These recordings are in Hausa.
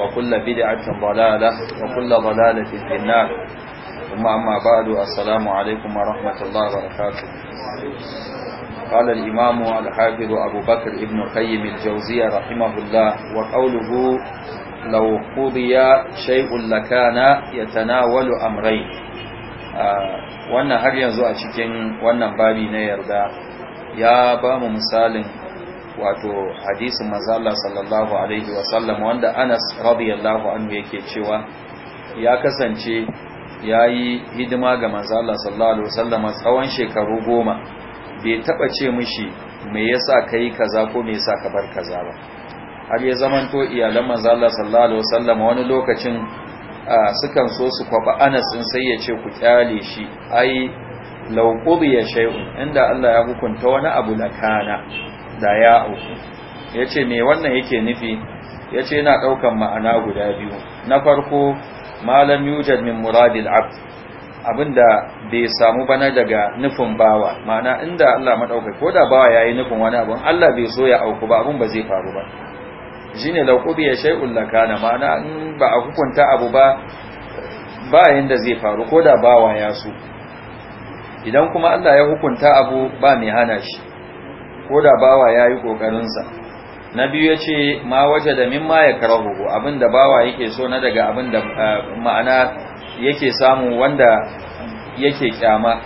وكل بدعة ضلالة وكل ضلالة في النار ثم أما بعد السلام عليكم ورحمة الله وبركاته قال الإمام الحافظ أبو بكر ابن القيم الجوزية رحمه الله وقوله لو قضي شيء لكان يتناول أمرين wannan har yanzu a cikin wannan babi na yarda ya ba mu misalin wato hadisin mazala sallallahu alaihi wasallam wanda anas radiyallahu anhu yake cewa ya kasance ya yi hidima ga mazala sallallahu alaihi wasallam tsawon shekaru goma bai taba ce mishi me yasa ka yi kaza ko me yasa ka bar kaza ba har ya zaman zamanto iyalan mazala sallallahu alaihi wasallam wani lokacin sukan so su kwaba anas din sai ya ce ku kyale shi ai lauƙubi ya shay'un inda Allah ya hukunta wani abu na da ya auku ya ce me wannan yake nufi ya ce yana ɗaukan ma'ana guda biyu na farko malam yujad min muradil abd abinda bai samu bana daga nufin bawa ma'ana inda Allah madaukai ko da bawa yayi nufin wani abu, Allah bai so ya auku ba abin ba zai faru ba shine law ya shay'un lakana ma'ana in ba a hukunta abu ba ba yanda zai faru ko da bawa ya so idan kuma Allah ya hukunta abu ba mai hana shi ko da bawa ya yi ƙoƙarinsa na biyu ya ce ma waje da min ma ya kara abin da bawa yake so na daga abin ma'ana yake samu wanda yake kyama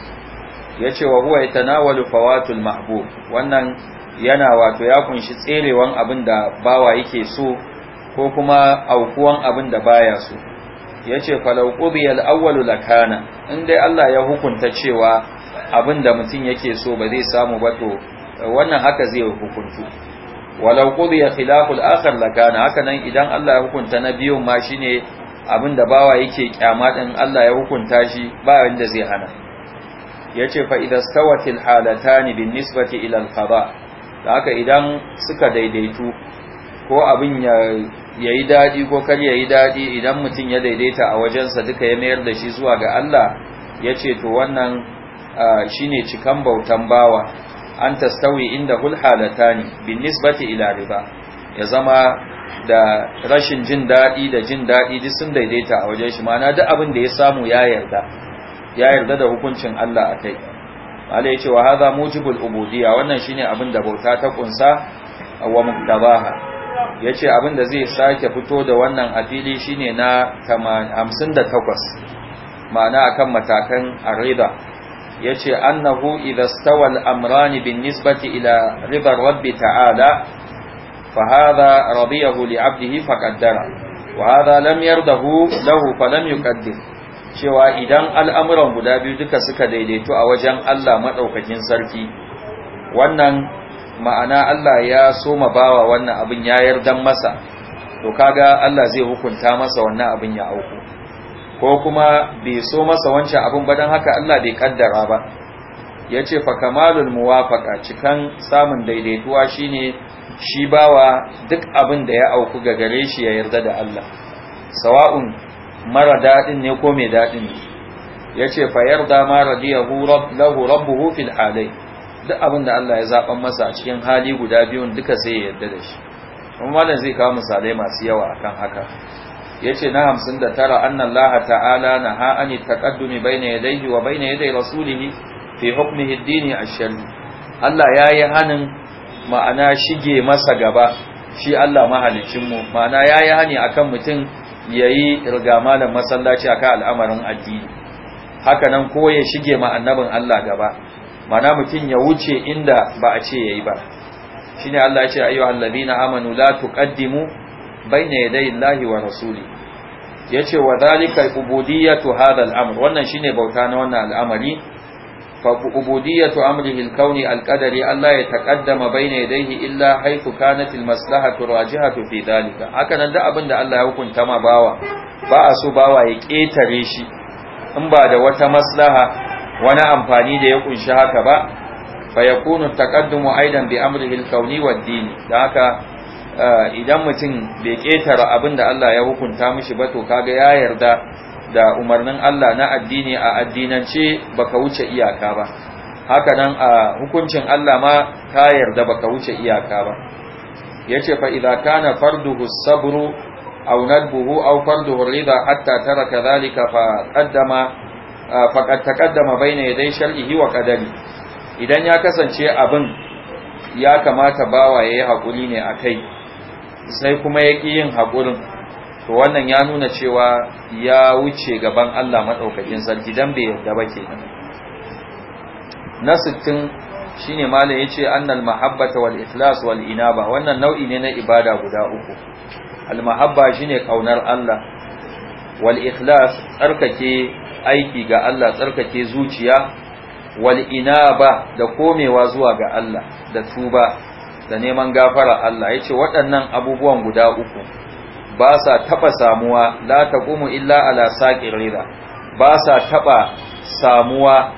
ya ce wa huwa na tanawalu fawatul mahbub wannan yana wato ya kunshi tserewan abin bawa yake so ko kuma aukuwan abinda baya so ya ce falauƙubi al'awwalu lakana in dai Allah ya hukunta cewa abinda mutum yake so ba zai samu ba to wannan haka zai hukuntu walau ya khilaful akhar lakana haka nan idan Allah ya hukunta na biyun ma shine abin da bawa yake kyama din Allah ya hukunta shi ba wanda zai hana yace fa idan stawatil halatani bin nisbati ila al qada haka idan suka daidaitu ko abin ya yayi dadi ko kar yayi dadi idan mutum ya daidaita a wajensa duka ya mayar da shi zuwa ga Allah yace to wannan ah, shine cikan bautan bawa an tastawi inda hul halatani bin nisbati ila riba ya zama da rashin jin daɗi da jin daɗi duk sun daidaita a wajen shi mana duk abin da ya samu ya yarda ya yarda da hukuncin Allah a kai Allah ya ce wa hadha mujibul ubudiyya wannan shine abin da bauta ta kunsa wa muktabaha ce abin da zai sake fito da wannan afili shine na 58 ma'ana akan matakan arida yace annahu idha amrani al bin nisbati ila ribar rabbi ta'ala fa hadha radiyahu li 'abdihi fa qaddara wa hadha lam yardahu lahu fa lam yuqaddir cewa idan al'amuran guda biyu duka suka daidaito a wajen Allah madaukakin sarki wannan ma'ana Allah ya soma bawa wannan abin ya yardan masa to kaga Allah zai hukunta masa wannan abin ya auku ko kuma bai so masa wancan abin ba don haka Allah bai kaddara ba ya ce fa kamalul muwafaka cikan samun daidaituwa shine shi bawa duk abin da ya auku ga gare shi ya yarda da Allah sawa'un mara daɗin ne ko mai daɗin ne ya ce fa yarda ma radiyahu lahu rabbuhu fil alai. duk abin da Allah ya zaɓan masa a cikin hali guda biyun duka sai ya yarda da shi kuma malam zai kawo misalai masu yawa akan haka yace na 59 anna Allah ta'ala ha an taqaddumi baina yadayhi wa baina yaday rasulihi fi hukmihi ad-dini ash-shari Allah yayi hanin ma'ana shige masa gaba shi Allah mahalicin mu ma'ana yayi hani akan mutum yayi rigama da masallaci akan al'amarin addini haka nan ko ya shige ma annabin Allah gaba ma'ana mutum ya wuce inda ba a ce yayi ba shine Allah ya ce ayyuhal ladina amanu la tuqaddimu bayna yaday Allahi wa rasuli yace wa zalika ubudiyatu hadha al-amr wannan shine bauta na wannan al'amari fa ubudiyatu amrihi al-kawni al-qadari Allah ya taqaddama bayna yadayhi illa haythu kanat al-maslahatu rajihatu fi dhalika haka nan da abinda Allah ya hukunta ma bawa ba a so bawa ya ketare shi in ba da wata maslaha wani amfani da ya kunshi haka ba fa yakunu taqaddumu aidan bi amrihi al-kawni wad-dini haka Eh, idan mutum bai ƙetara abin da Allah ya hukunta mishi ba to kaga ya yarda da umarnin Allah na addini a addinance baka wuce iyaka ba haka nan a hukuncin Allah ma ka yarda baka wuce iyaka ba yace fa idza kana farduhu sabru aw nadbuhu aw farduhu rida hatta taraka zalika fa qaddama qad taqaddama bayna yaday shar'ihi wa qadari idan ya kasance abin ya kamata bawa yayi hakuri ne akai sai kuma ya yin haƙurin to wannan ya nuna cewa ya wuce gaban Allah maɗaukakin sarki don bai yarda ba ke na sittin shi ne malam ya ce annal mahabbata wal ikhlas wal inaba wannan nau'i ne na ibada guda uku al mahabba shi ne ƙaunar Allah wal ikhlas tsarkake aiki ga Allah tsarkake zuciya wal inaba da komewa zuwa ga Allah da tuba da neman gafara Allah ya ce waɗannan abubuwan guda uku ba sa taɓa samuwa la kuma illa ala saƙin rida ba sa taɓa samuwa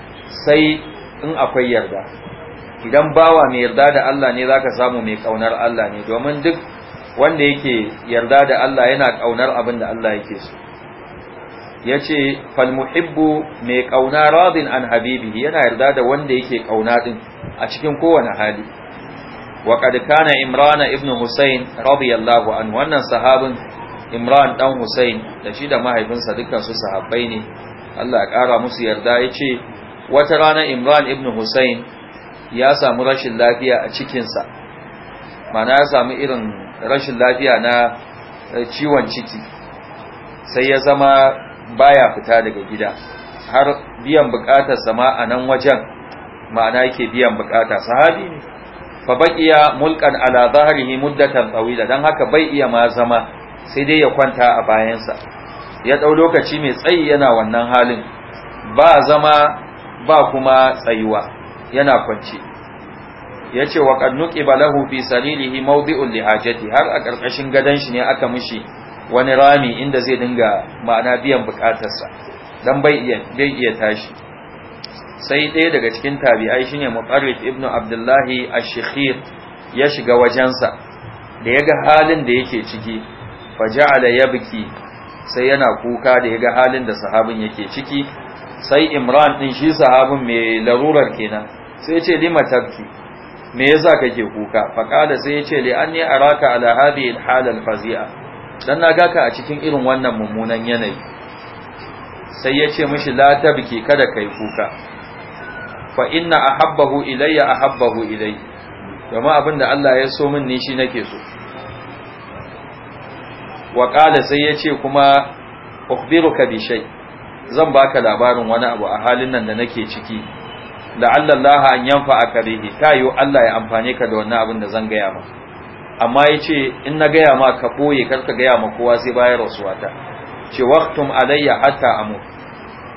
sai in akwai yarda idan bawa mai yarda da Allah ne za ka samu mai ƙaunar Allah ne domin duk wanda yake yarda da Allah yana ƙaunar abin da Allah yake so Ya ce Falmuhibbu mai ƙauna razin an habibi yana yarda da wanda yake ƙauna din a cikin kowane hali wa qad kana imran ibn husayn radiyallahu an wannan sahabin imran dan husayn da shi da mahaifinsa dukkan su sahabbai ne Allah ya kara musu yarda yace wata rana imran ibn husayn ya samu rashin lafiya a cikinsa mana ya samu irin rashin lafiya na ciwon ciki sai ya zama baya fita daga gida har biyan bukatarsa ma a nan wajen ma'ana yake biyan bukata sahabi ne fa baqiya mulkan ala zahrihi muddatan tawila dan haka bai iya ma zama sai dai ya kwanta a bayansa ya dau lokaci mai tsayi yana wannan halin ba zama ba kuma tsayuwa yana kwance yace ce wa ƙannuƙi ba lahu fi sarilihi mawdi'un lihajati har a ƙarƙashin gadon shi ne aka mishi wani rami inda zai dinga ma'ana biyan buƙatarsa don bai iya tashi sai ɗaya daga cikin tabi'ai shine muqarrib ibnu abdullahi ash-shikhir ya shiga wajensa da yaga halin da yake ciki faja'ala yabki sai yana kuka da yaga halin da sahabin yake ciki sai imran din shi sahabin mai larurar kenan sai ce lima tabki me yasa kake kuka faqala sai yace li anni araka ala hadhihi al-hal al-fazi'a dan naga ka a cikin irin wannan mummunan yanayi sai yace mishi la tabki kada kai kuka fa inna ahabbahu ilayya ahabbahu ilay kuma abin da Allah ya so min ne shi nake so wa qala sai yace kuma ukhbiruka bi shay zan baka labarin wani abu a halin nan da nake ciki la'alla Allah an yanfa bihi tayo Allah ya amfane ka da wannan abin da zan gaya maka amma yace in na gaya ma ka boye kar ka gaya ma kowa sai bayar rasuwata ce waqtum alayya hatta amut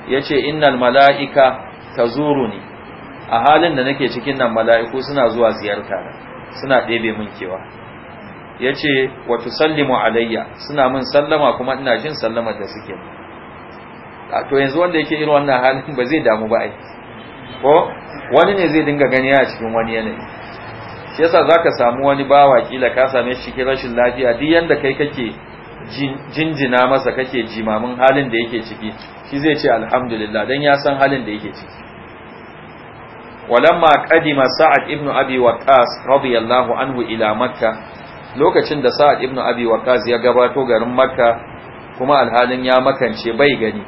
yace innal mala'ika tazuruni a halin da nake cikin nan mala'iku suna zuwa ziyarta suna ɗebe min kewa ya ce wa tusallimu alayya suna min sallama kuma ina jin sallamar da suke a to yanzu wanda yake irin wannan halin ba zai damu ba ai ko wani ne zai dinga gani a cikin wani yanayi shi yasa zaka samu wani bawa kila ka same shi cikin rashin lafiya duk yanda kai kake jinjina masa kake jimamin halin da yake ciki shi zai ce alhamdulillah dan ya san halin da yake ciki walamma سعد sa'ad ibn وقاص رضي الله anhu ila makka lokacin da sa'ad ibn abi waqas ya gabato garin makka kuma alhalin ya makance bai gani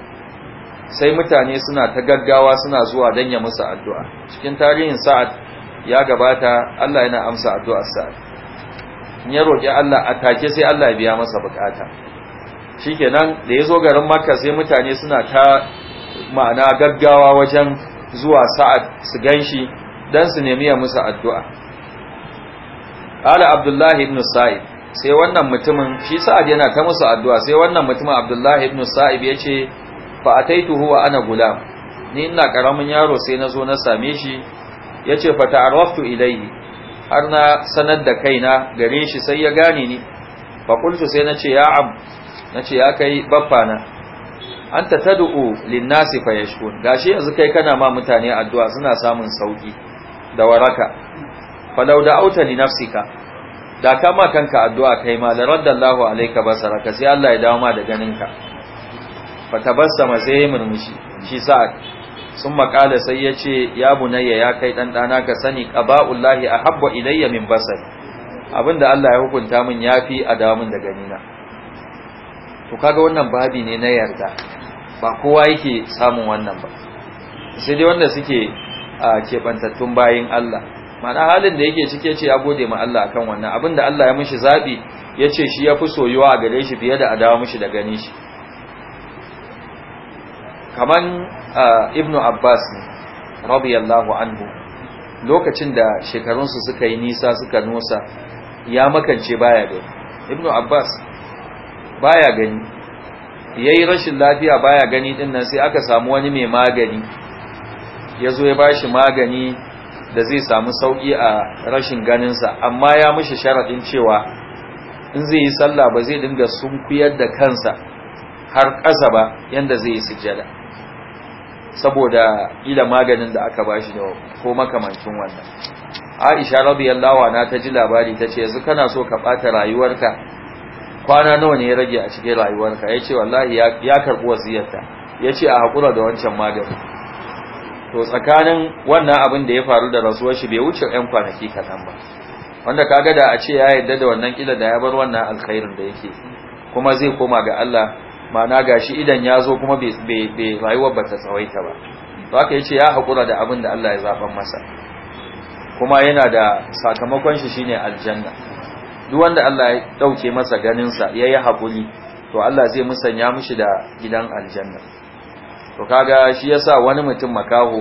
sai mutane suna ta gaggawa suna zuwa dan ya musu addu'a cikin tarihin sa'ad ya gabata Allah yana amsa addu'ar sa'ad in ya roki Allah a take sai Allah ya biya masa bukata shikenan da yazo garin makka sai mutane suna ta ma'ana gaggawa wajen zuwa sa'ad su ganshi dan su nemi ya musu addu'a qala abdullahi ibn sa'id sai wannan mutumin shi sa'ad yana ta musu addu'a sai wannan mutumin abdullahi ibn sa'ib yace fa ataituhu wa ana gula? ni ina karamin yaro sai na zo na same shi yace fa ta'arwaftu ilayhi har na sanar da kaina gare shi sai ya gane ni fa qultu sai na ce ya am na ce ya kai baffa na anta tad'u lin-nasi fayashkun gashi yanzu kai kana ma mutane addu'a suna samun sauki da waraka falau da'auta li nafsika da kama kanka addu'a kai ma da raddallahu alayka basaraka sai Allah ya dawo ma da ganinka fatabassama sai murmushi shi sa'ad sun makala sai ya ce ya bunayya ya kai dan dana ka sani qaba'ullahi ahabba ilayya min basari abinda Allah ya hukunta min yafi a dawo min da ganina to kaga wannan babi ne na yarda ba kowa yake samun wannan ba sai dai wanda suke a keɓantattun bayin Allah mana halin da yake cike ce ya gode ma Allah akan wannan abin da Allah ya mishi zaɓi ya ce shi ya fi soyuwa a gare shi fiye da a dawo mishi da gani shi kaman ibn Abbas ne radiyallahu anhu lokacin da shekarunsu suka yi nisa suka nosa ya makance baya da ibn Abbas baya gani yayi rashin lafiya baya gani din nan sai aka samu wani mai magani yazo ya ba shi magani da zai samu sauki a rashin ganinsa amma ya mishi sharaɗin cewa in zai yi sallah ba zai dinga sunkuyar da kansa har ƙasa ba yanda zai yi sujjada saboda ila maganin da aka bashi da ko makamancin wannan Aisha radiyallahu na ta ji labari tace yanzu kana so ka ɓata rayuwarka kwana nawa ne ya rage a cikin rayuwarka ya ce wallahi ya karɓi wasiyarta ya ce a haƙura da wancan magani to tsakanin wannan abin da ya faru da rasuwar shi bai wuce 'yan kwanaki kaɗan ba wanda kaga da a ce ya yarda da wannan kila da ya bar wannan alkhairin da yake kuma zai koma ga Allah ma'ana gashi idan ya zo kuma bai rayuwar ba ta tsawaita ba to haka ya ce ya haƙura da abin da Allah ya zaɓan masa kuma yana da sakamakon shi shine aljanna duk wanda Allah ya dauke masa ganinsa ya yi haƙuri to Allah zai musanya mishi da gidan aljanna to kaga shi yasa wani mutum makaho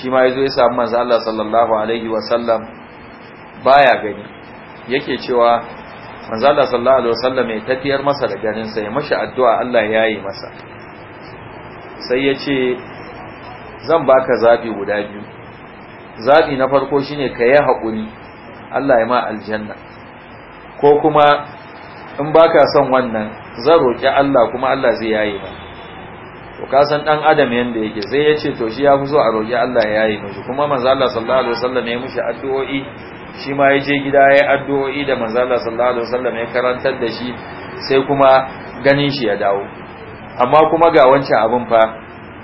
shi ma yazo ya samu manzo Allah sallallahu alaihi wasallam baya gani yake cewa manzo Allah sallallahu alaihi wasallam ya tafiyar masa da ganinsa ya mashi addu'a Allah ya yi masa sai ya ce zan baka zabi guda biyu zabi na farko shine ka yi haƙuri Allah ya ma aljanna ko kuma in ba ka son wannan zan roƙi Allah kuma Allah zai yayi ba to ka san dan adam yanda yake sai ya ce to shi ya fi so a roƙi Allah ya yayi mishi kuma manzo Allah sallallahu alaihi wasallam ya mishi addu'o'i shi ma ya je gida ya addu'o'i da manzo Allah sallallahu alaihi wasallam ya karantar da shi sai kuma ganin shi ya dawo amma kuma ga wancan abin fa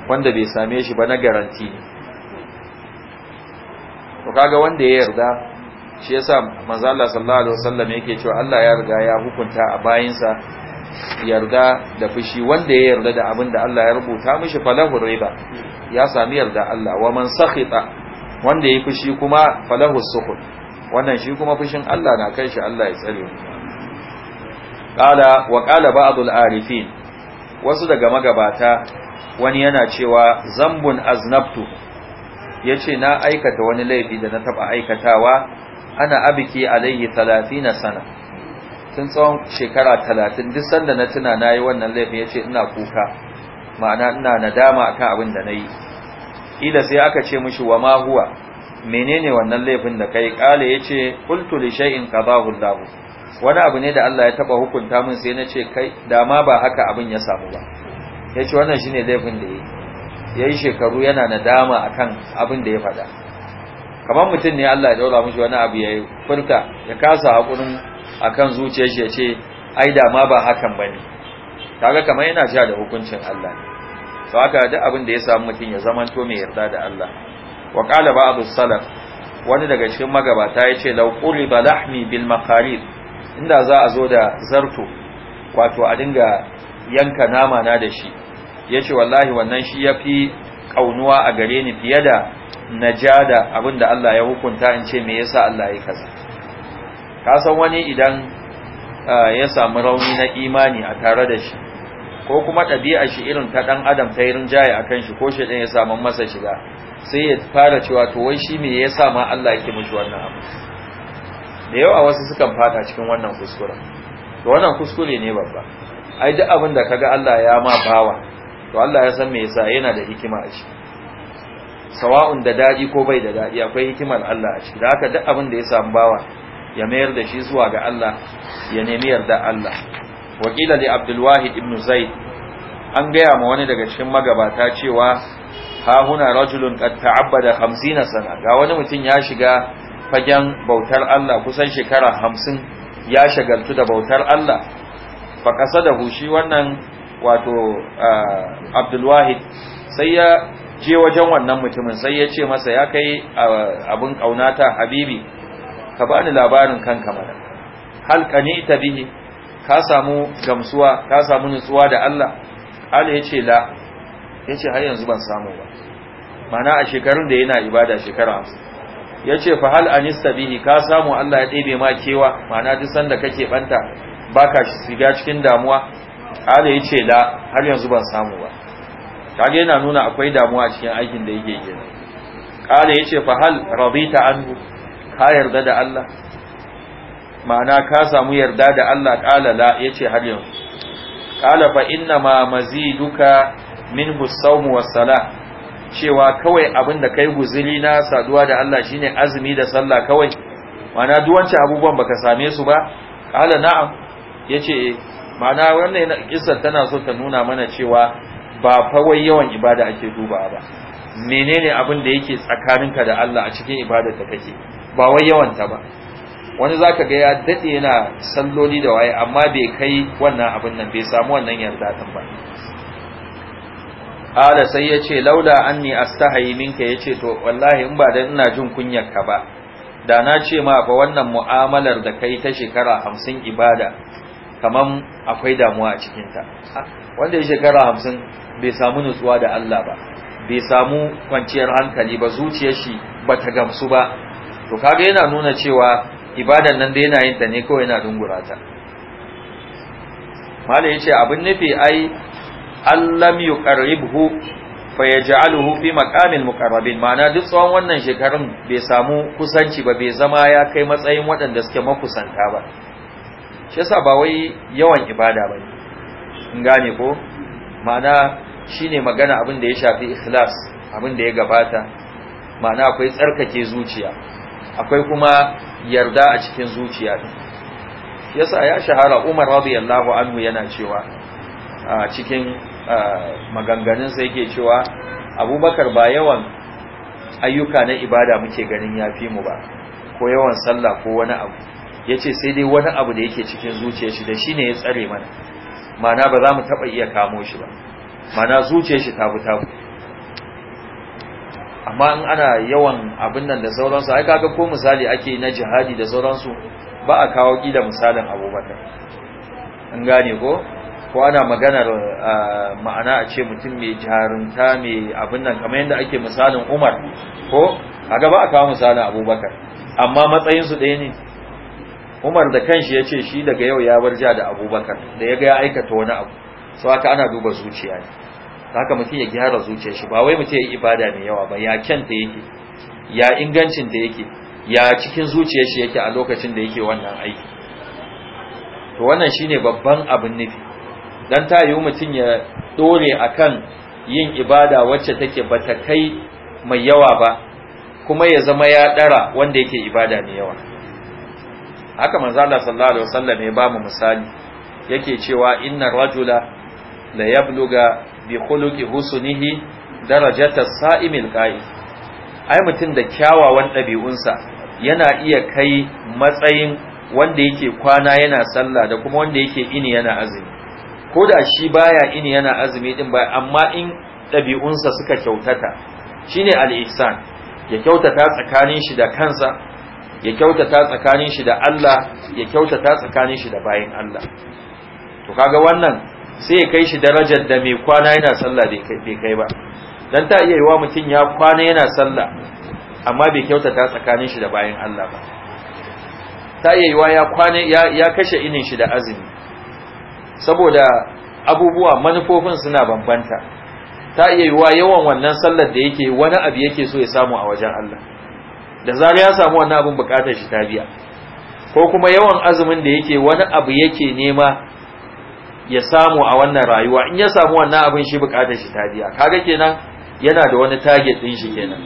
wanda bai same shi ba na garanti ne to kaga wanda ya yarda shi yasa manzo Allah sallallahu alaihi wasallam yake cewa Allah ya riga ya hukunta a bayinsa yarda da fushi wanda ya yarda da abin da Allah ya rubuta mishi falahu riba ya sami yarda Allah wa man sakhita wanda ya fushi kuma falahu sukhut wannan shi kuma fushin Allah na kai shi Allah ya tsare mu qala wa qala ba'dul arifin wasu daga magabata wani yana cewa zambun aznabtu yace na aikata wani laifi da na taba aikatawa ana abiki alaihi 30 sana tun tsawon shekara talatin, duk sanda na tuna na yi wannan laifin yace ina kuka ma'ana ina nadama akan abin da nayi ila sai aka ce mishi wa ma huwa menene wannan laifin da kai kale yace qultu li shay'in qadahu Allah wani abu ne da Allah ya taba hukunta min sai nace kai dama ba haka abin ya samu ba yace wannan shine laifin da yake yayi shekaru yana nadama akan abin da ya faɗa kamar mutum ne Allah ya daura mushi wani abu ya yi furta ya kasa a kan zuciya shi ya ce ai da ma ba hakan ba ne kaga kamar yana ja da hukuncin Allah to haka duk abin da ya samu mutum ya zamanto mai yarda da Allah wa qala ba'd salaf wani daga cikin magabata ya ce, law quriba lahmi bil maqarir inda za a zo da zarto wato a dinga yanka nama na da shi yace wallahi wannan shi yafi ƙaunuwa a gare ni fiye da na ja da abin Allah ya hukunta in ce me yasa Allah ya kaza ka san wani idan ya samu rauni na imani a tare da shi ko kuma ɗabi'a shi irin ta dan adam ta irin jaye a shi ko shi ɗin ya samu masa shiga sai ya fara cewa to wai shi me yasa ma Allah yake mishi wannan abu da yawa wasu sukan fada cikin wannan kuskuren to wannan kuskure ne babba ai duk abin da kaga Allah ya ma bawa to Allah ya san me yasa yana da hikima a cikin sawa'un da daɗi ko bai da daɗi akwai hikimar Allah a ciki da haka duk abin da ya samu bawa ya mayar da shi zuwa ga Allah ya nemi yarda Allah wakila li Abdul Wahid ibn Zaid an gaya ma wani daga cikin magabata cewa ha huna rajulun qad ta'abbada 50 sana ga wani mutum ya shiga fagen bautar Allah kusan shekara 50 ya shagaltu da bautar Allah fa hu shi wannan wato ah, Abdul Wahid sai ya je wajen wannan mutumin sai ya ce masa ya kai abin kaunata habibi ka bani labarin kanka mana halqani ta bihi ka samu gamsuwa ka samu nutsuwa da Allah Allah ce la ya ce har yanzu ban samu ba mana a shekarun da yana ibada shekara 50 ya ce fa hal anista bihi ka samu Allah ya ɗebe ma kewa mana duk sanda kake banta baka shiga cikin damuwa Allah ya ce la har yanzu ban samu ba kage yana nuna akwai damuwa cikin aikin da yake kenan kala yace fa hal radita anhu ka yarda da Allah ma'ana ka samu yarda da Allah kala la yace har yanzu kala fa inna ma maziduka min sawmu was sala cewa kawai abin kai guzili na saduwa da Allah shine azumi da sallah kawai ma'ana duk wancan abubuwan baka same su ba kala na'am yace eh, ma'ana wannan kissa tana so ta nuna mana cewa ba fawai yawan ibada ake duba ba menene abin da yake tsakaninka da Allah a cikin ibadar da kake ba wai yawanta ba wani zaka ga ya dade yana salloli da waye amma bai kai wannan abin nan bai samu wannan yarda tun ba ala sai yace laula anni astahi minka yace to wallahi in ba dan ina jin kunyar ka ba da na ce ma fa wannan mu'amalar da kai ta shekara 50 ibada kaman akwai damuwa a cikin ta wanda ya shekara hamsin bai samu nutsuwa da Allah ba bai samu kwanciyar hankali ba zuciyar shi ba ta gamsu ba to kaga yana nuna cewa ibadan nan da yana yin ta ne kawai yana dungura ta mala yace abin nufi ai allam yuqarribuhu fa yaj'aluhu fi maqamil muqarrabin ma'ana duk tsawon wannan shekarun bai samu kusanci ba bai zama ya kai matsayin waɗanda suke makusanta ba shi yasa ba wai yawan ibada bane in gane ko ma'ana shine magana abin da ya shafi ikhlas abin da ya gabata ma'ana akwai tsarkake zuciya akwai kuma yarda a cikin zuciya din yasa ya shahara Umar radiyallahu anhu yana cewa a cikin maganganun sa yake cewa Abubakar ba yawan ayyuka na ibada muke ganin yafi mu ba ko yawan sallah ko wani abu yace sai dai wani abu da yake cikin zuciyar shi da shine ya tsare mana mana ba za mu taɓa iya kamo shi ba mana zuciyar shi tabu tabu amma in ana yawan abin nan da sauransu ai kaga ko misali ake na jihadi da sauransu ba a kawo da misalin abubakar in gane ko ko ana maganar ma'ana a ce mutum mai jarunta mai abin nan kamar yadda ake misalin umar ko kaga ba a kawo misalin abubakar amma matsayinsu ɗaya ne Umar da kanshi ya ce shi daga yau ya bar warja da Abubakar da ya ga ya aikata wani abu so haka ana duba zuciya ne haka mutum ya gyara zuciyar shi ba wai mutum ya yi ibada mai yawa ba ya kyanta yake ya ingancin ta yake ya cikin zuciyar shi yake a lokacin da yake wannan aiki to wannan shine babban abin nufi dan ta yi mutum ya dore akan yin ibada wacce take bata kai mai yawa ba kuma ya zama ya ɗara wanda yake ibada mai yawa haka manzala sallallahu alaihi wasallam ya bamu misali yake cewa inna rajula la yabluga bi khuluqi husnihi darajata sa'imil qa'im ai mutum da kyawawan ɗabi'unsa yana iya kai matsayin wanda yake kwana yana sallah da kuma wanda yake ini yana azumi ko da shi baya ini yana azumi din ba amma in ɗabi'unsa suka kyautata shine al-ihsan ya kyautata tsakanin shi da kansa ya kyautata tsakanin shi da Allah ya kyautata tsakanin shi da bayin Allah to kaga wannan sai ya kai shi darajar da mai kwana yana sallah bai kai ba dan ta iya yiwa mutum ya kwana yana sallah amma bai kyautata tsakanin shi da bayin Allah ba ta iya yiwa ya kwana ya kashe inin shi da azumi saboda abubuwa manufofin suna bambanta ta iya yiwa yawan wannan sallar da yake wani abu yake so ya samu a wajen Allah da zara ya samu wannan abin bukatar shi ta biya ko kuma yawan azumin da yake wani abu yake nema ya samu a wannan rayuwa in ya samu wannan abin shi bukatar shi ta biya kaga kenan yana da wani target din shi kenan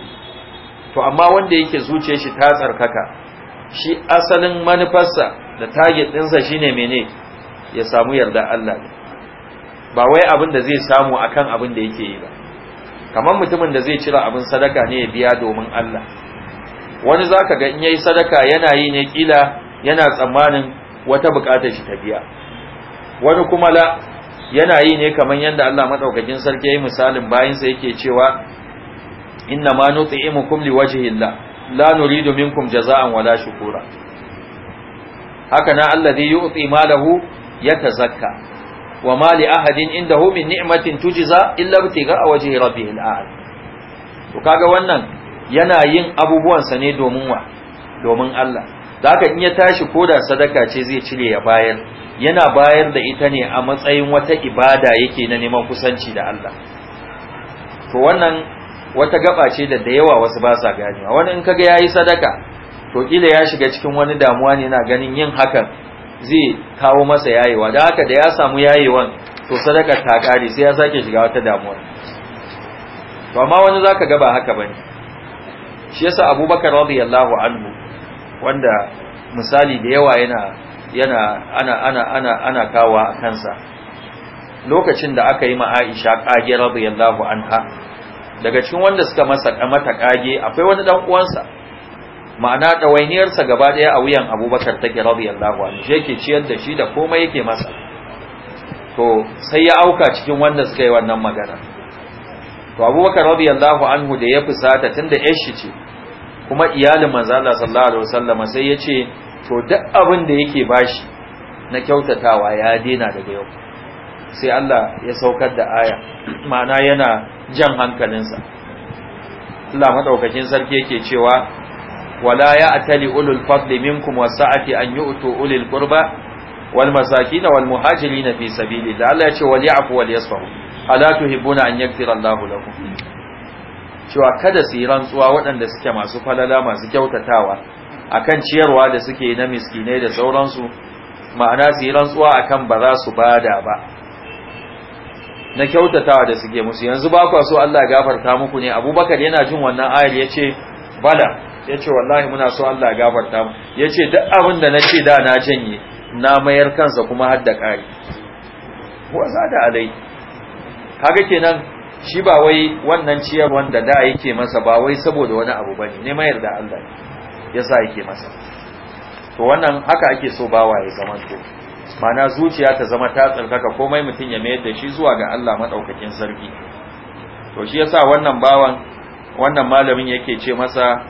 to amma wanda yake zuciyar shi ta tsarkaka shi asalin manufarsa da target ɗinsa shine mene ya samu yarda Allah ba wai abin da zai samu akan abin da yake yi ba kamar mutumin da zai cira abin sadaka ne ya biya domin Allah wani zaka ga in yayi sadaka yana yi ne kila yana tsammanin wata bukatar shi ta biya wani kuma la yana yi ne kamar yadda Allah madaukakin sarki yayi misalin bayinsa yake cewa inna ma nuti'imukum liwajhillah la nuridu minkum jaza'an wala shukura haka na alladhi yu'ti malahu yatazakka wa ma li ahadin indahu min ni'matin tujza illa a wajhi rabbihil a'la to kaga wannan yana yin abubuwansa ne domin wa domin Allah da haka in ya tashi koda sadaka ce zai cire ya bayar yana bayar da ita ne a matsayin wata ibada yake na neman kusanci da Allah to wannan wata gaba ce da da yawa wasu ba sa ganewa wani in kaga yayi sadaka to kila ya shiga cikin wani damuwa ne yana ganin yin hakan zai kawo masa yayewa da haka da ya samu yayewan to sadaka ta kare sai ya sake shiga wata damuwa to amma wani zaka ga ba haka bane shi yasa abubakar radiyallahu anhu wanda misali da yawa yana yana ana ana ana ana kawa a kansa lokacin da aka yi ma Aisha kage radiyallahu anha daga cikin wanda suka masa mata kage akwai wani dan uwansa ma'ana sa gaba daya a wuyan Abubakar take radiyallahu anhu shi yake ciyar da shi da komai yake masa to sai ya auka cikin wanda suka yi wannan magana to abubakar radiyallahu anhu da ya fusata tunda yar shi ce kuma iyalin manzo Allah sallallahu alaihi sai ya ce to duk abin da yake bashi na kyautatawa ya daina daga yau sai Allah ya saukar da aya ma'ana yana jan hankalinsa Allah madaukakin sarki yake cewa wala ya'tali ulul fadli minkum wasa'ati an yu'tu ulil qurba wal masakin wal muhajirin fi sabilillah Allah ya ce wal ya'fu wal yasfahu Halatu, hibbuna, an yaghfira Allahu lakum cewa kada su yi rantsuwa waɗanda suke masu falala masu kyautatawa akan ciyarwa da suke na miskinai da sauransu ma'ana su yi rantsuwa akan ba za su bada ba na kyautatawa da suke musu yanzu ba kwa so Allah ya gafarta muku ne Abubakar yana jin wannan ayar yace bala yace wallahi muna so Allah ya gafarta mu yace duk abin da nace da na janye na mayar kansa kuma har da kai wa zada alai kaga kenan shi ba wai wannan ciyar wanda da yake masa ba wai saboda wani abu bane ne mai yarda Allah yasa yake masa to wannan haka ake so bawa ya zama to mana zuciya ta zama ta tsarkaka komai mutum ya mayar da shi zuwa ga Allah madaukakin sarki to shi yasa wannan bawan wannan malamin yake ce masa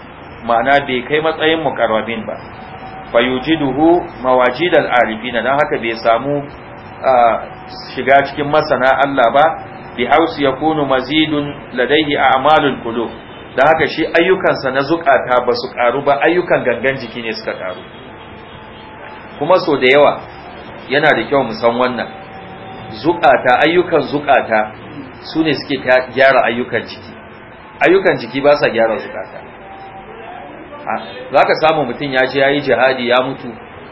ma'ana bai kai matsayin muqarrabin ba fayujiduhu mawaji al-arifina dan haka bai samu ah, shiga cikin masana Allah ba bi hausi kunu mazidun ladaihi a'malul qulub da haka shi ayyukansa na zukata ba su karu ba ayyukan gangan jiki ne suka karu kuma so da yawa yana da kyau mu san wannan zukata ayyukan zukata su ne suke gyara ayyukan jiki ayyukan jiki ba sa gyara zukata za ka samu mutum ya ce ya yi jihadi ya mutu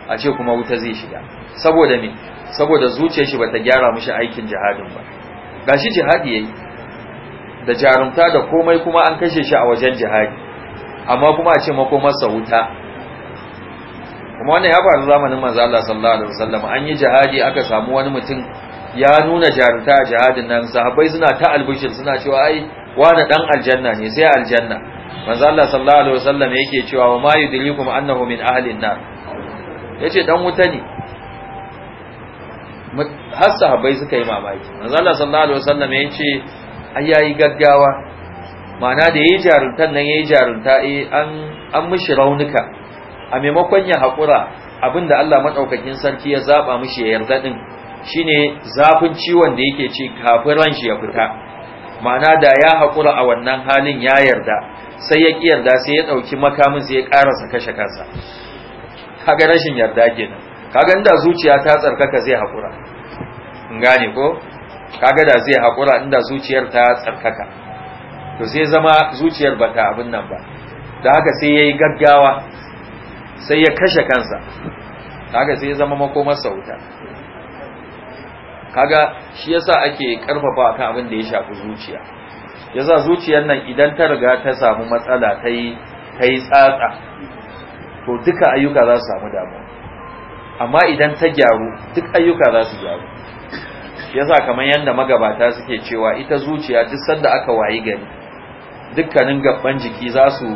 a ce kuma wuta zai shiga saboda me saboda zuciyar shi bata gyara mishi aikin jihadin ba gashi jihadi yayi da jarumta da komai kuma an kashe shi a wajen jihadi amma kuma a ce makomarsa wuta kuma wannan ya faru zamanin manzo Allah sallallahu alaihi wasallam an yi jihadi aka samu wani mutum ya nuna jarumta a jihadin nan sahabbai suna ta albishir suna cewa ai wani dan aljanna ne sai aljanna manzo Allah sallallahu alaihi wasallam yake cewa wa ma yudrikum annahu min ahli an-nar yace dan wuta ne har sahabbai suka yi mamaki manzo Allah sallallahu alaihi wasallam ya ce ai yayi gaggawa ma'ana da yayi jaruntan nan yayi jarunta eh an an mishi raunuka a maimakon ya hakura abinda Allah madaukakin sarki ya zaba mishi ya yarda din shine zafin ciwon da yake ci kafin ran shi ya fita ma'ana da ya hakura a wannan halin ya yarda sai ya ki yarda sai ya dauki makamin sai ya karasa kashe kansa kaga rashin yarda kenan kaga inda zuciya ta tsarkaka zai haƙura gane ko kaga da zai haƙura inda zuciyar ta tsarkaka to sai zama zuciyar bata abin nan ba da haka sai ya yi gaggawa sai ya kashe kansa haka sai ya zama makomar sauta kaga shi yasa ake karfafa kan abin da ya shafi zuciya yasa zuciyar nan idan ta riga ta samu matsala ta yi tsatsa to duka ayyuka za su samu damuwa amma idan ta gyaru duk ayyuka za su gyaru yasa kamar yadda magabata suke cewa ita zuciya duk sanda aka wayi gari dukkanin gaban jiki za su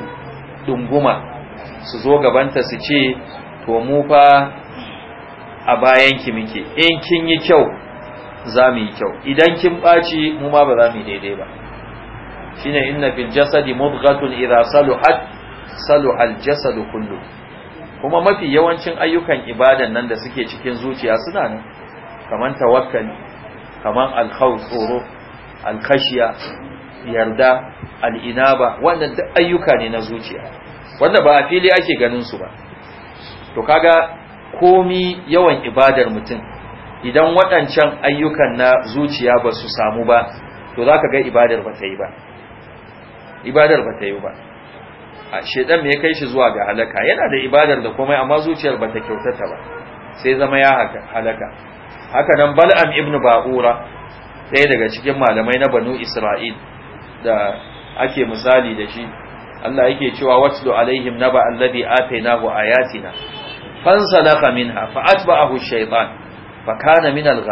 dunguma su zo gabanta su ce to mu fa a bayan ki muke in kin yi kyau za mu yi kyau idan kin ɓaci mu ma ba za mu yi daidai ba shine inna fil jasadi mudghatun idha saluhat saluhal al jasadu kullu kuma mafi yawancin ayyukan ibadan nan da suke cikin zuciya suna nan kamar tawakkali kaman alkhawf tsoro alkashiya yarda al'inaba wannan duk ayyuka ne na zuciya wanda ba a fili ake ganin su ba to kaga komi yawan ibadar mutum idan waɗancan ayyukan na zuciya ba su samu ba to za ka ga ibadar ba ta yi ba ibadar ba ta yi ba shedan me ya kai shi zuwa ga halaka yana da ibadar da komai amma zuciyar ba ta kyautata ba sai zama ya halaka haka nan bal'am ibn ba'ura ɗaya daga cikin malamai na banu isra'il da ake misali da shi Allah yake cewa watlu alaihim naba alladhi atainahu ayatina fansalakha minha fa atba'ahu shaytan fa kana min al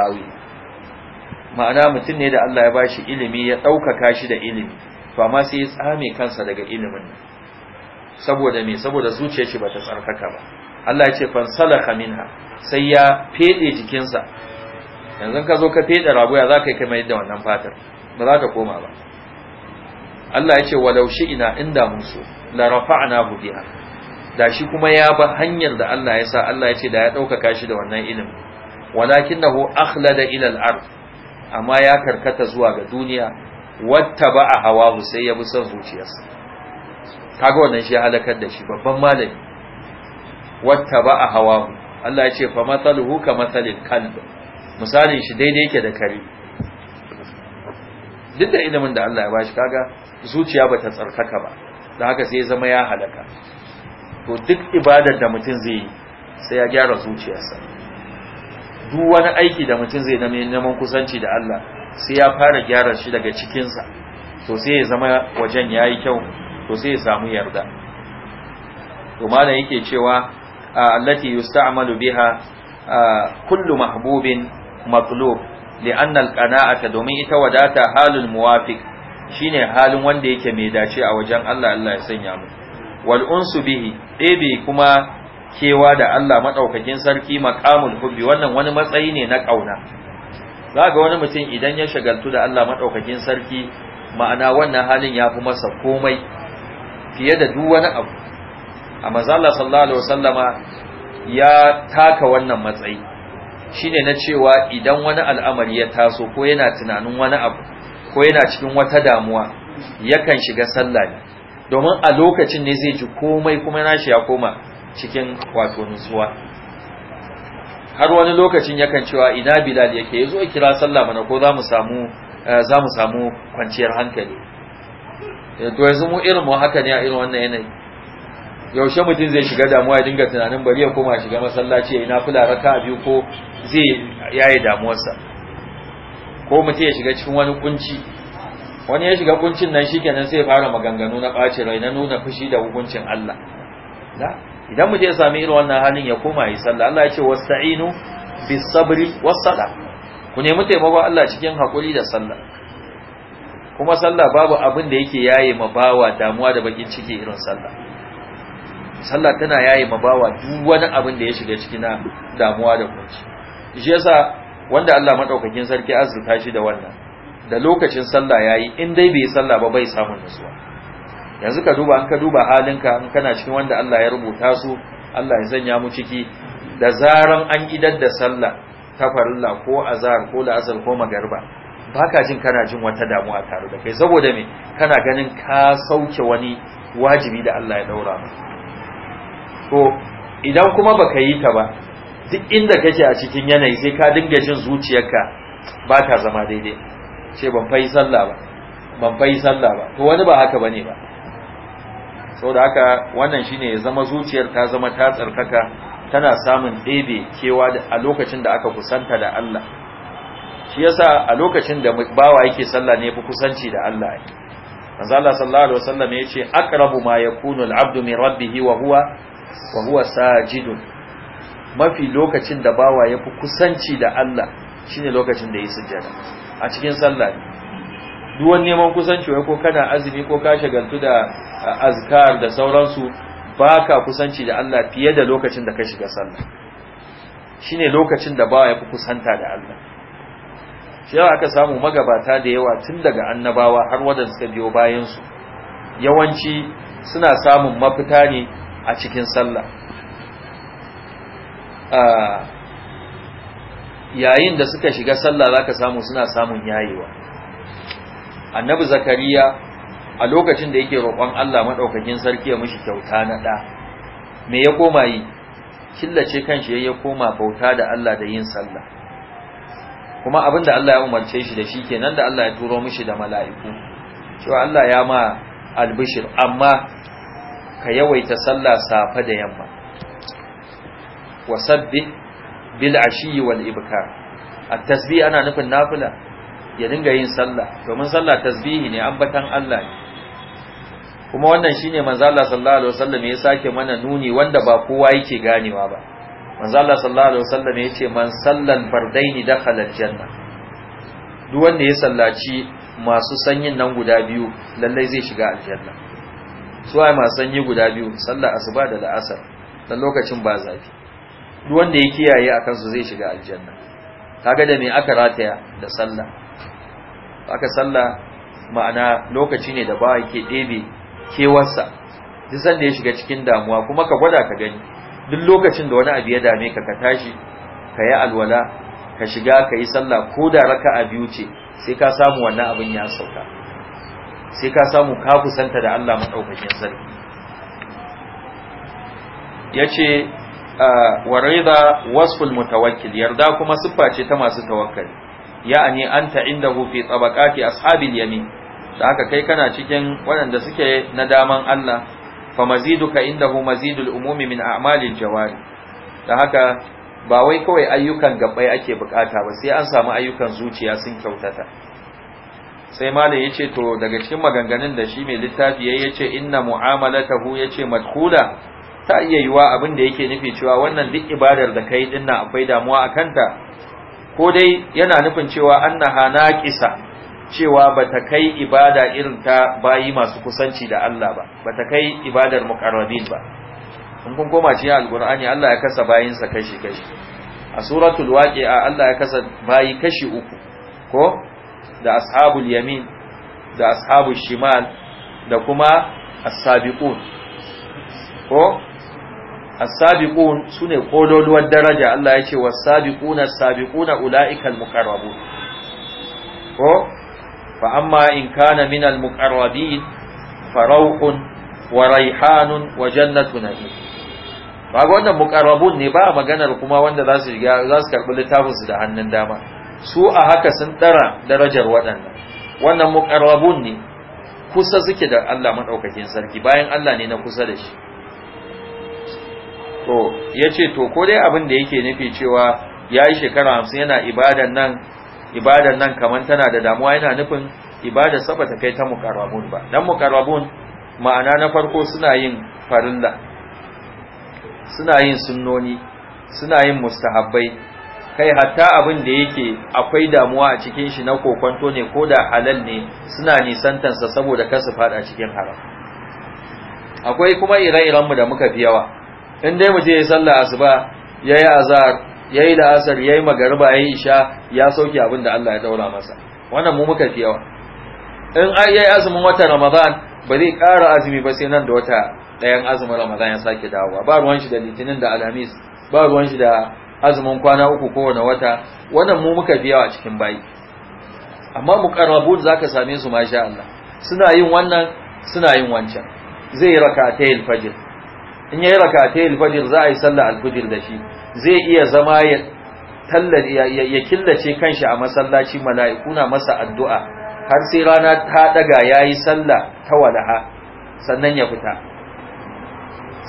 ma'ana mutum ne da Allah ya bashi ilimi ya ɗaukaka shi da ilimi to amma sai ya tsame kansa daga ilimin nan saboda me saboda zuciyar shi bata tsarkaka ba Allah ya ce fansalakha minha sai ya fede jikinsa yanzu ka zo ka fede raguya za ka kai kamar yadda wannan fatar ba za ka koma ba Allah ya ce walau ina inda mun so la rafa'nahu biha da shi kuma ya ba hanyar da Allah ya sa Allah ya ce da ya ɗaukaka shi da wannan ilimin walakinahu akhlada ila al-ard amma ya karkata zuwa ga duniya ba a hawa sai ya bi son zuciyarsa kaga wannan shi halakar da shi babban malami wata ba a hawahu Allah ya ce fa matsaluhu ka matsalin kalb misalin shi daidai yake da kare duk da ilimin da Allah ya bashi kaga zuciya ba ta tsarkaka ba da haka sai zama ya halaka to duk ibadar da mutum zai yi sai ya gyara zuciyarsa duk wani aiki da mutum zai na neman kusanci da Allah sai ya fara gyara shi daga cikinsa to sai ya zama wajen ya yi kyau to sai ya samu yarda to malam yake cewa allati yusta'malu biha kullu mahbubin matlub li'anna al-qana'ata domin ita wadata halul muwafiq shine halin wanda yake mai dace a wajen Allah Allah ya sanya mu wal unsu bihi ebe kuma kewa da Allah madaukakin sarki maqamul hubbi wannan wani matsayi ne na kauna zaka wani mutum idan ya shagaltu da Allah madaukakin sarki ma'ana wannan halin ya fi masa komai fiye da duk wani abu a mazala sallallahu alaihi wasallama ya taka wannan matsayi shine na cewa idan wani al'amari ya taso ko yana tunanin wani abu ko yana cikin wata damuwa yakan shiga sallah domin a lokacin ne zai ji komai kuma nashi ya koma cikin wato nutsuwa har wani lokacin yakan cewa ina bilal yake yazo kira sallah mana ko za samu eh, za mu samu kwanciyar hankali Eh, to yanzu mu irin mu haka ne a irin wannan yanayi yaushe mutum zai shiga damuwa ya dinga tunanin bari ya koma shiga masallaci ya yi nafila raka biyu ko zai yaye damuwarsa ko mutum ya shiga cikin wani kunci wani ya shiga kuncin nan shikenan sai ya fara maganganu na ɓacin rai na nuna fushi da hukuncin Allah la idan mutum ya sami irin wannan halin ya koma yi sallah Allah ya ce wasta'inu bis sabri was sala ku nemi taimako Allah cikin hakuri da sallah kuma sallah babu abin da yake yaye ma damuwa da bakin ciki irin sallah sallah tana yaye ma duk wani abin da ya shiga ciki na damuwa da kunci shi yasa wanda Allah madaukakin sarki azurta shi da wannan da lokacin sallah yayi in dai bai sallah ba bai samun nutsuwa yanzu ka duba in ka duba halinka in kana cikin wanda Allah ya rubuta su Allah ya zanya mu ciki da zaran an idar da sallah ta farilla ko azhar ko la'azar ko magariba ba ka jin kana jin wata damuwa tare da kai saboda me kana ganin ka sauke wani wajibi da Allah ya daura ma? to idan kuma baka yi ta ba duk inda kake a cikin yanayi sai ka dinga jin zuciyarka ba ta zama daidai ce ban fayi sallah ba ban fayi sallah ba to wani ba haka bane ba saboda haka wannan shine ya zama zuciyar ta zama ta tsarkaka tana samun ɗebe kewa a lokacin da aka kusanta da Allah shi yasa a lokacin da bawa yake sallah ne fi kusanci da Allah manzo Allah sallallahu alaihi wasallam yace aqrabu ma yakunu al-abdu min rabbih wa huwa wa huwa sajidun mafi lokacin da bawa ya fi kusanci da Allah shine lokacin da yake sujjada a cikin sallah duk wani neman kusanci wai ko kana azumi ko ka shagaltu da azkar da sauransu baka kusanci da Allah fiye da lokacin da ka shiga sallah shine lokacin da bawa ya fi kusanta da Allah shi aka samu magabata da yawa tun daga annabawa har waɗanda suka biyo bayansu yawanci suna samun mafita ne a cikin sallah yayin da suka shiga sallah zaka samu suna samun yayewa annabi zakariya a lokacin da yake roƙon Allah maɗaukakin sarki ya mishi kyauta na da me ya koma yi killace kanshi ya koma bauta da Allah da yin sallah kuma abin da Allah ya umarce shi da shi kenan da Allah ya turo mishi da mala'iku cewa Allah ya ma albishir amma ka yawaita sallah safa da yamma wasabbi bil ashiyi wal Ibka, at tasbih ana nufin nafila ya dinga yin sallah domin sallah tasbihi ne ambatan Allah ne kuma wannan shine manzo Allah sallallahu alaihi wasallam ya sake mana nuni wanda ba kowa yake ganewa ba manzo Allah sallallahu alaihi wasallam yace man sallan fardaini dakhala aljanna duk wanda ya sallaci masu sanyin nan guda biyu lallai zai shiga aljanna su ai masu sanyi guda biyu sallar asuba da la'asar dan lokacin ba zafi duk wanda ya kiyaye akan su zai shiga aljanna kaga da me aka rataya da sallah aka salla ma'ana lokaci ne da ba yake ɗebe kewarsa duk sanda ya shiga cikin damuwa kuma ka gwada ka gani duk lokacin da wani abu ya dame ka ka tashi ka yi alwala ka shiga ka yi sallah ko da a biyu ce sai ka samu wannan abin ya sauka sai ka samu ka kusanta da Allah madaukakin sarki yace ah, wa rida wasful mutawakkil yarda kuma siffa ce ta masu tawakkali ya'ani anta indahu fi tabaqati ashabil yamin da haka kai kana cikin waɗanda suke na daman Allah fa maziduka indahu mazidul umumi min a'malil jawari da haka ba wai kawai ayyukan gabbai ake bukata ba sai an samu ayyukan zuciya sun kyautata sai malam yace to daga cikin maganganun da shi mai littafi yayi yace inna mu'amalatahu yace madkhula ta iya yiwa abin da yake nufi cewa wannan duk ibadar da kai dinna akwai damuwa akanta kanta? ko dai yana nufin cewa annaha naqisa cewa ba ta kai ibada irin ta bayi masu kusanci da Allah ba ba ta kai ibadar muqarrabin ba in kun koma cikin alqur'ani Allah ya kasa sa kashi kashi a suratul waqi'a Allah ya kasa bayi kashi uku ko da ashabul yamin da ashabul shimal da kuma as-sabiqun ko as-sabiqun sune kodoluwar daraja Allah ya ce was-sabiquna as-sabiquna ulaika muqarrabun ko fa amma in kana min al muqarrabin farauqun wa raihanun wa jannatu na'im ba wannan muqarrabun ne ba maganar kuma wanda za su za su karbi littafin su da hannun dama su a haka sun dara darajar waɗannan wannan muqarrabun ne kusa suke da Allah madaukakin sarki bayan Allah ne na kusa da shi to yace to ko dai abin da yake nufi cewa yayi shekara 50 yana ibadan nan Ibadar nan kamar tana da damuwa yana nufin ibada saba ta kai ta mukarrabun ba dan mukarrabun ma'ana na farko suna yin farilla suna yin sunnoni suna yin mustahabbai kai hatta abin da yake akwai damuwa a cikin shi na kokonto ne ko da halal ne suna nisantansa saboda kasu fada cikin haram akwai kuma ire-irenmu da muka fi yawa in dai mu je sallah asuba yayi azar yayi da asar yayi magariba yayi isha ya sauke abin da Allah ya daura masa wannan mu muka fi yawa in ai yayi azumin wata Ramadan ba zai ƙara azumi ba sai nan da wata ɗayan azumin Ramadan ya sake dawowa ba ruwan shi da Litinin da Alhamis ba ruwan shi da azumin kwana uku kowane wata wannan mu muka fi yawa cikin bayi amma za ka same su masha Allah suna yin wannan suna yin wancan zai yi raka'atayil fajr in yayi raka'atayil fajr za a yi sallar al-fajr da shi zai iya zama ya killace kanshi a masallaci mala'iku na masa addu'a har sai rana ta daga yayi sallah ta wada’a sannan ya fita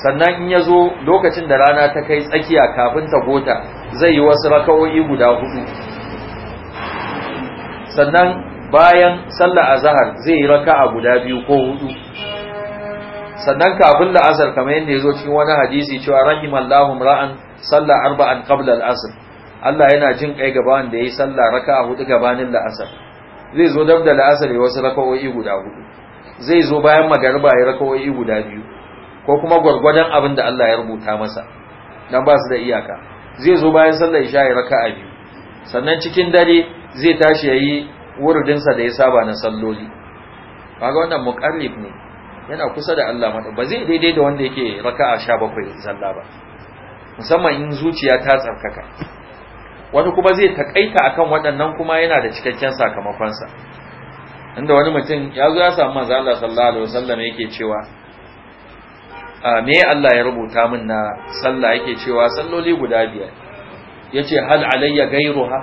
sannan in yazo lokacin da rana ta kai tsakiya kafin ta gota zai yi wasu raka'o'i guda hudu sannan bayan sallah azhar zai yi raka'a guda biyu ko hudu sannan kafin la'azar kamar yadda ya zo cikin wani hadisi cewa rahimallahu ra'an salla arba'an qabla al Allah yana jin kai gaba wanda yayi salla raka'a hudu gabanin la'asar zai zo dab da la'asar ya wasu raka'o'i guda hudu zai zo bayan magariba ya raka'o'i guda biyu ko kuma gurgurdan abin da Allah ya rubuta masa dan ba su da iyaka zai zo bayan sallar isha ya raka'a biyu sannan cikin dare zai tashi yayi wurdin sa da ya saba na salloli kaga wannan muqarrib ne yana kusa da Allah ba zai daidai da wanda yake raka'a 17 sallah ba musamman in zuciya ta tsarkaka wani kuma zai takaita akan waɗannan kuma yana da cikakken sakamakonsa inda wani mutum ya zo ya samu manzo Allah sallallahu alaihi wasallam yake cewa me Allah ya rubuta min na sallah yake cewa salloli guda biyar yace hal alayya gairuha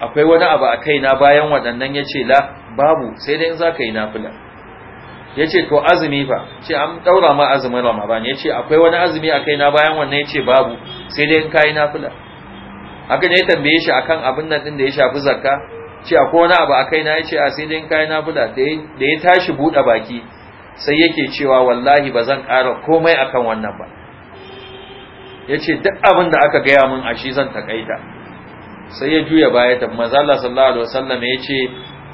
akwai wani abu a kaina bayan waɗannan yace la babu sai dai in ka yi nafila ya ce to azumi fa ce an daura ma azumin ramadan ya ce akwai wani azumi a kaina bayan wannan ya ce babu sai dai in kayi nafila haka ne ya tambaye shi akan abin nan ɗin da ya shafi zakka ce akwai wani abu a kaina ya ce a sai dai in kayi nafila da ya tashi buɗe baki sai yake cewa wallahi ba zan ƙara komai akan wannan ba ya ce duk abin da aka gaya min a shi zan takaita sai ya juya baya ta manzo Allah sallallahu alaihi wasallam ya ce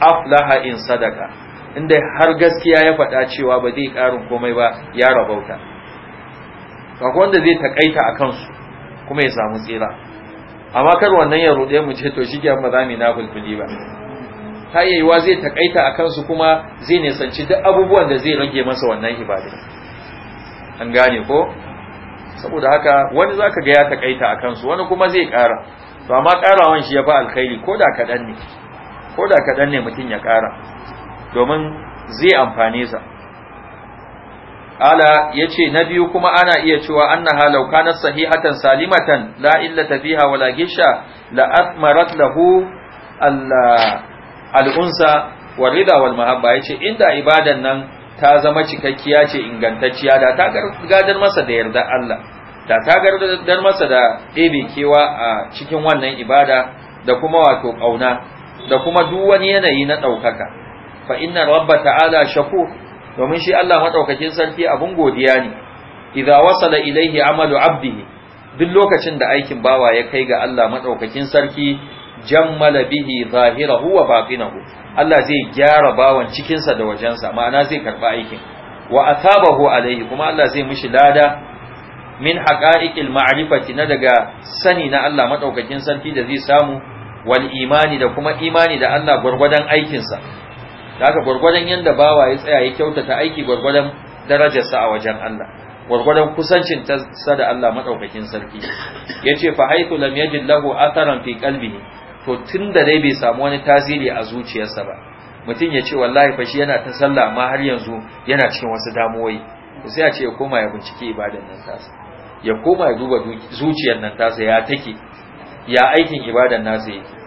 aflaha in sadaka inda har gaskiya ya faɗa cewa ba zai ƙarin komai ba ya rabauta akwai wanda zai takaita a kansu kuma ya samu tsira amma kar wannan ya ruɗe mu ce to shi ke ba za mu na fulfuli ba ta yayiwa zai takaita a kansu kuma zai nisanci duk abubuwan da zai rage masa wannan ibada an gane ko saboda haka wani zaka ga ya takaita a kansu wani kuma zai ƙara to amma ƙarawan shi ya fa alkhairi ko da kaɗan ne ko da kaɗan ne mutum ya ƙara domin zai amfane sa ala ce na biyu kuma ana iya cewa annaha halau kana sahihatan salimatan la illa tafiha wala gisha la athmarat lahu al unsa wa rida wal mahabba yace inda ibadan nan ta zama cikakkiya ce ingantacciya da ta gadar masa da yarda Allah da ta gadar masa da ɗebe kewa a cikin wannan ibada da kuma wato ƙauna da kuma duk wani yanayi na ɗaukaka fa inna rabba ta'ala shakur domin shi Allah madaukakin sarki abun godiya ne idza wasala ilaihi amalu abdihi duk lokacin da aikin bawa ya kai ga Allah madaukakin sarki jammala bihi zahirahu wa batinahu Allah zai gyara bawan cikinsa da wajensa ma'ana zai karba aikin wa athabahu alaihi kuma Allah zai mishi lada min haqa'iqil ma'rifati na daga sani na Allah madaukakin sarki da zai samu wal imani da kuma imani da Allah gurgurdan aikinsa da haka gwargwadon yanda bawa ya tsaya ya kyautata aiki gwargwadon darajarsa a wajen Allah gwargwadon kusancin ta da Allah madaukakin sarki yace fa haythu lam yajid lahu atharan fi qalbihi to tunda dai bai samu wani tasiri a zuciyarsa ba mutum ya ce wallahi fa shi yana ta sallah amma har yanzu yana cikin wasu damuwoyi sai a ce ya koma ya bincike ibadan nan tasa ya koma ya duba zuciyar nan tasa ya take ya aikin ibadan nasa yake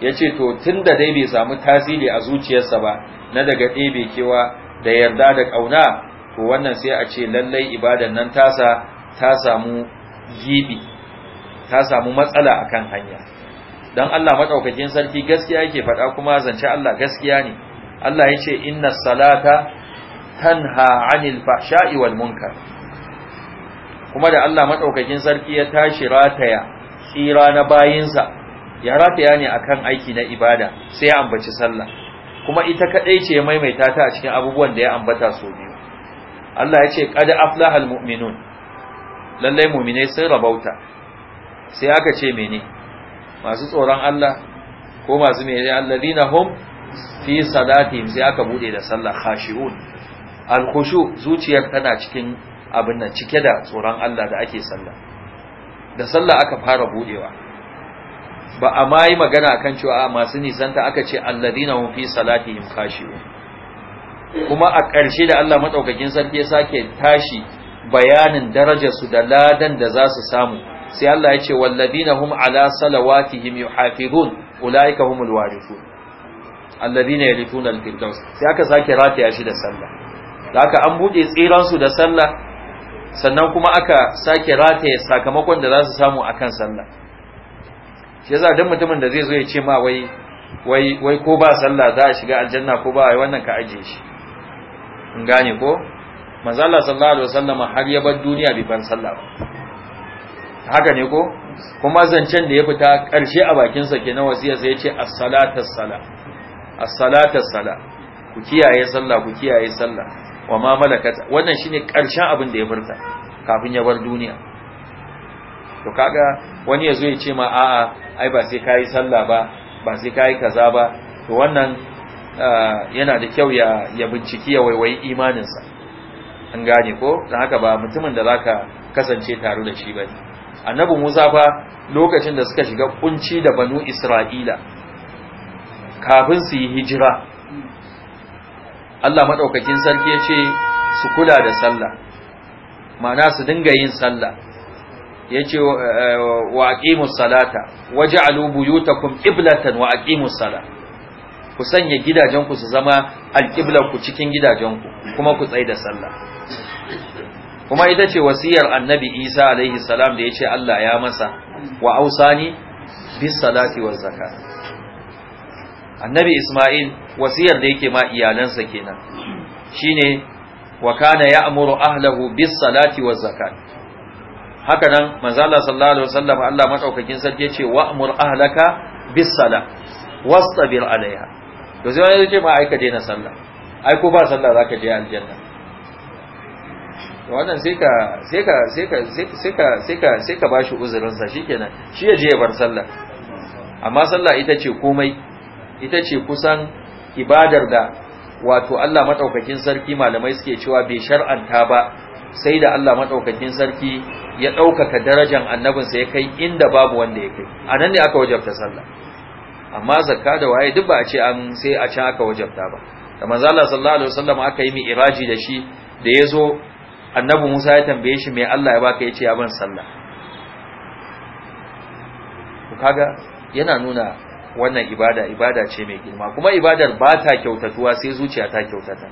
ya ce to tun da dai bai samu tasiri a zuciyarsa ba na daga ɗebe kewa da yarda da ƙauna to wannan sai a ce lallai ibadan nan tasa ta samu gibi ta samu matsala a kan hanya don Allah maɗaukakin sarki gaskiya yake faɗa kuma zance Allah gaskiya ne Allah ya ce inna salata tanha anil fahsha'i wal munkar kuma da Allah maɗaukakin sarki ya tashi rataya tsira na bayinsa ya rataya ne kan aiki na ibada sai ya ambaci sallah kuma ita kadai ce ya maimaita ta a cikin abubuwan da ya ambata so biyu Allah ya ce kada aflahal mu'minun lallai muminai sun rabauta sai aka ce mene masu tsoron Allah ko masu mene alladina hum fi salatihim sai aka bude da sallah khashi'un al khushu zuciyar tana cikin abin nan cike da tsoron Allah da ake sallah da sallah aka fara budewa ba a ma yi magana akan cewa masu nisanta aka ce alladina hum fi salatihim khashi'un kuma a ƙarshe da Allah madaukakin sarki ya sake tashi bayanin darajarsu da ladan da za su samu sai Allah ya ce walladina hum ala salawatihim yuhafizun ulaika humul warithun alladina yarithuna alfirdaus sai aka sake rataya shi da sallah da aka an bude tsiran su da sallah sannan kuma aka sake rataya sakamakon da za su samu akan sallah yasa duk mutumin da zai zo ya ce ma wai wai wai ko ba sallah za a shiga aljanna ko ba wai wannan ka aje shi in gane ko manzo Allah sallallahu alaihi wasallam har ya bar duniya bai bar sallah ba haka ne ko kuma zancen da ya fita karshe a bakin sa kenan wasiya sai ya ce as-salatu as salah as-salatu as salah ku kiyaye sallah ku kiyaye sallah wa ma malakat wannan shine karshen abin da ya furta kafin ya bar duniya to kaga wani yazo ya ce ma a'a ai ba sai kayi sallah ba ba sai kayi kaza ba to wannan yana da kyau ya ya binciki ya waiwayi imaninsa an gane ko dan haka ba mutumin da za ka kasance tare da shi bane annabi Musa fa lokacin da suka shiga kunci da banu Isra'ila kafin su yi hijira Allah madaukakin sarki ya ce su kula da sallah ma'ana su dinga yin sallah yace wa eh, aqimus salata waj'alu buyutakum qiblatan wa aqimus sala ku sanya gidajenku su zama alqibla ku cikin gidajen ku kuma ku tsaida sallah kuma ita ce wasiyar annabi Isa alaihi salam da yace Allah ya masa wa ausani bis salati waz zakat annabi Isma'il wasiyar da yake ma iyalansa kenan shine wa kana ya'muru ahlahu bis salati waz haka nan manzo Allah sallallahu alaihi wasallam Allah madaukakin sarki yace wa'mur ahlaka bis sala wastabir alaiha to sai wani yace ma aika daina sallah ai ko ba sallah zaka je aljanna wannan sai ka sai ka sai ka sai ka sai ka sai ka bashi uzurin sa shikenan shi ya je ya bar sallah amma sallah ita ce komai ita ce kusan ibadar da wato Allah madaukakin sarki malamai suke cewa bai shar'anta ba sai da Allah madaukakin sarki ya ɗaukaka darajar annabinsa ya kai inda babu wanda ya kai a ne aka wajabta sallah amma zakka da waye duk ba a ce an sai a can aka wajabta ba da manzo Allah sallallahu alaihi wasallam aka yi mi'raji da shi da yazo annabi Musa ya tambaye shi me Allah ya baka yace ya ban sallah ku kaga yana nuna wannan ibada ibada ce mai girma kuma ibadar ba ta kyautatuwa sai zuciya ta kyautata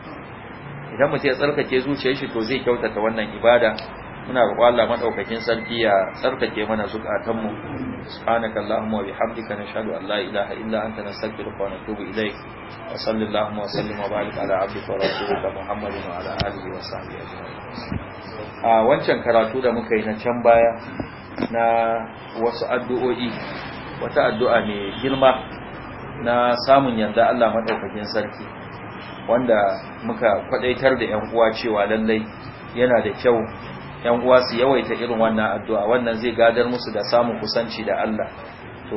idan mutum ya tsarkake zuciyar shi to zai kyautata wannan ibada muna roƙon Allah madaukakin sarki ya tsarkake mana zukatan mu subhanaka allahumma wa bihamdika nashhadu an la ilaha illa anta nastaghfiruka wa natubu ilayk wa sallallahu wa sallama wa baraka ala abdika wa rasulika muhammadin wa ala alihi wa sahbihi ajma'in a wancan karatu da muka yi na can baya na wasu addu'o'i wata addu'a mai girma na samun yarda Allah madaukakin sarki wanda muka kwadaitar da yan uwa cewa lallai yana da kyau yan uwa su yawaita irin wannan addu'a wannan zai gadar musu da samun kusanci da Allah to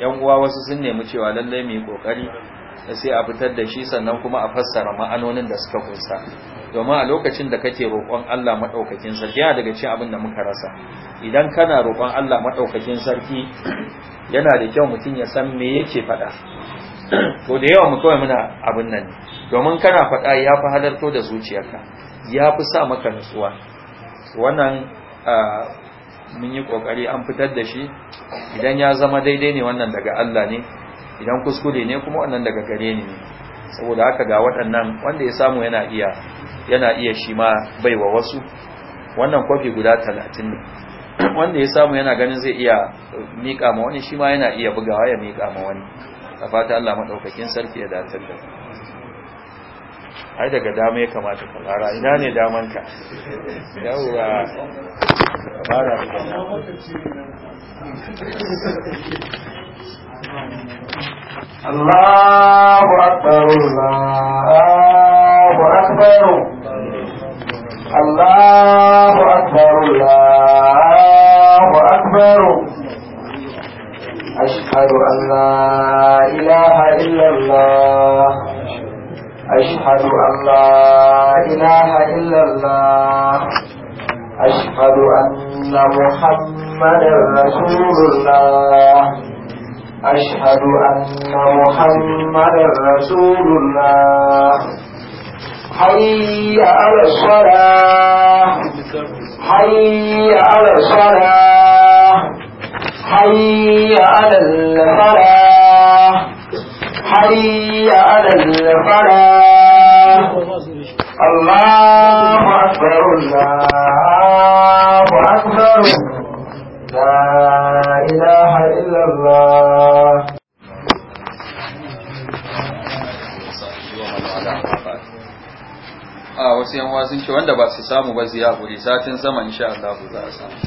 yan uwa wasu sun nemi cewa lallai mu yi kokari sai a fitar da shi sannan kuma a fassara ma'anonin da suka kunsa domin a lokacin da kake roƙon Allah maɗaukakin sarki yana daga cikin abin da muka rasa idan kana roƙon Allah madaukakin sarki yana da kyau mutum ya san me yake faɗa to da yawa mu kawai muna abin nan domin kana faɗa ya fi halarto da zuciyarka ya fi sa maka nutsuwa wannan mun yi ƙoƙari an fitar da shi idan ya zama daidai ne wannan daga Allah ne idan kuskure ne kuma wannan daga gare ne saboda haka ga waɗannan wanda ya samu yana iya yana iya shi ma baiwa wasu wannan kofi guda talatin ne wanda ya samu yana ganin zai iya miƙa ma wani shi ma yana iya bugawa ya miƙa ma wani a fata Allah maɗaukakin sarki ya datar da ai daga dama ya kamata ka fara ina ne daman ka yawa fara Allahu akbar Allahu akbar Allahu akbar Allahu akbar Ashhadu an la ilaha illa Allah. أشهد أن لا إله إلا الله أشهد أن محمدا رسول الله أشهد أن محمدا رسول الله حي على الصلاة حي على الصلاة حي على الفلاح حي على الفلاح الله أكبر الله أكبر لا إله إلا الله a ah, wasu yan wasu ce wanda ba su samu ba ziya guri satin sama insha Allah za a samu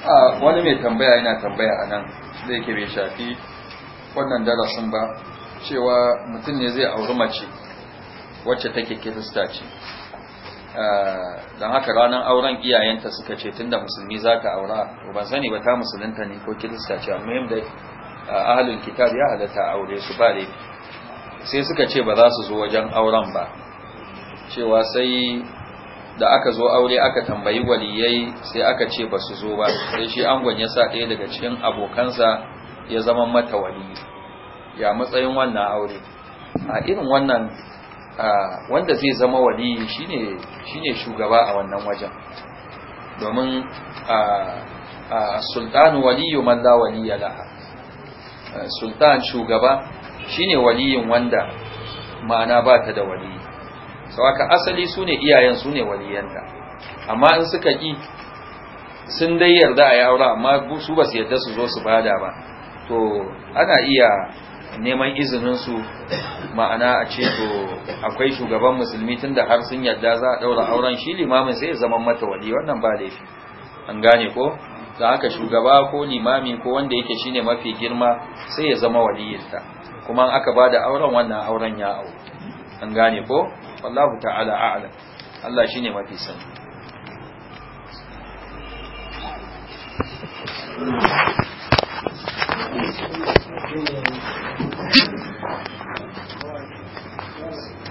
a ah, wani mai tambaya yana tambaya a nan da yake bai shafi wannan darasin ba cewa mutum ne zai auri mace wacce take kirista ce eh, don haka ranar auren iyayenta suka ce tun da musulmi za ka aura ban sani ba ta musulunta ne ko kirista ce amma yin da eh, ahalin kitab ya halatta aure su ba laifi sai suka ce ba za su zo wajen auren ba cewa sai da aka zo aure aka tambayi waliyai sai aka ce ba su zo ba sai shi angon ya sa ɗaya daga cikin abokansa ya zama mata wani ya matsayin wannan aure a irin wannan wanda zai zama wani shi ne shugaba a wannan wajen domin sultanu waliyu man la waliya laha sultan shugaba shi ne waliyin wanda ma'ana ba ta da waliyi sawaka asali su ne iyayen ne waliyanta amma in suka ƙi sun dai yarda a yi aure amma su ba su yarda su zo su bada ba to ana iya neman izininsu ma'ana a ce to akwai shugaban musulmi tun da har sun yadda za a ɗaura auren shi limamin sai ya zama mata wali wannan ba laifi an gane ko da haka shugaba ko limami ko wanda yake shine mafi girma sai ya zama waliyinta kuma aka ba da auren wannan auren ya au an gane ko wallahu ta'ala a'lam Allah shine mafi sani Thank you. Thank you.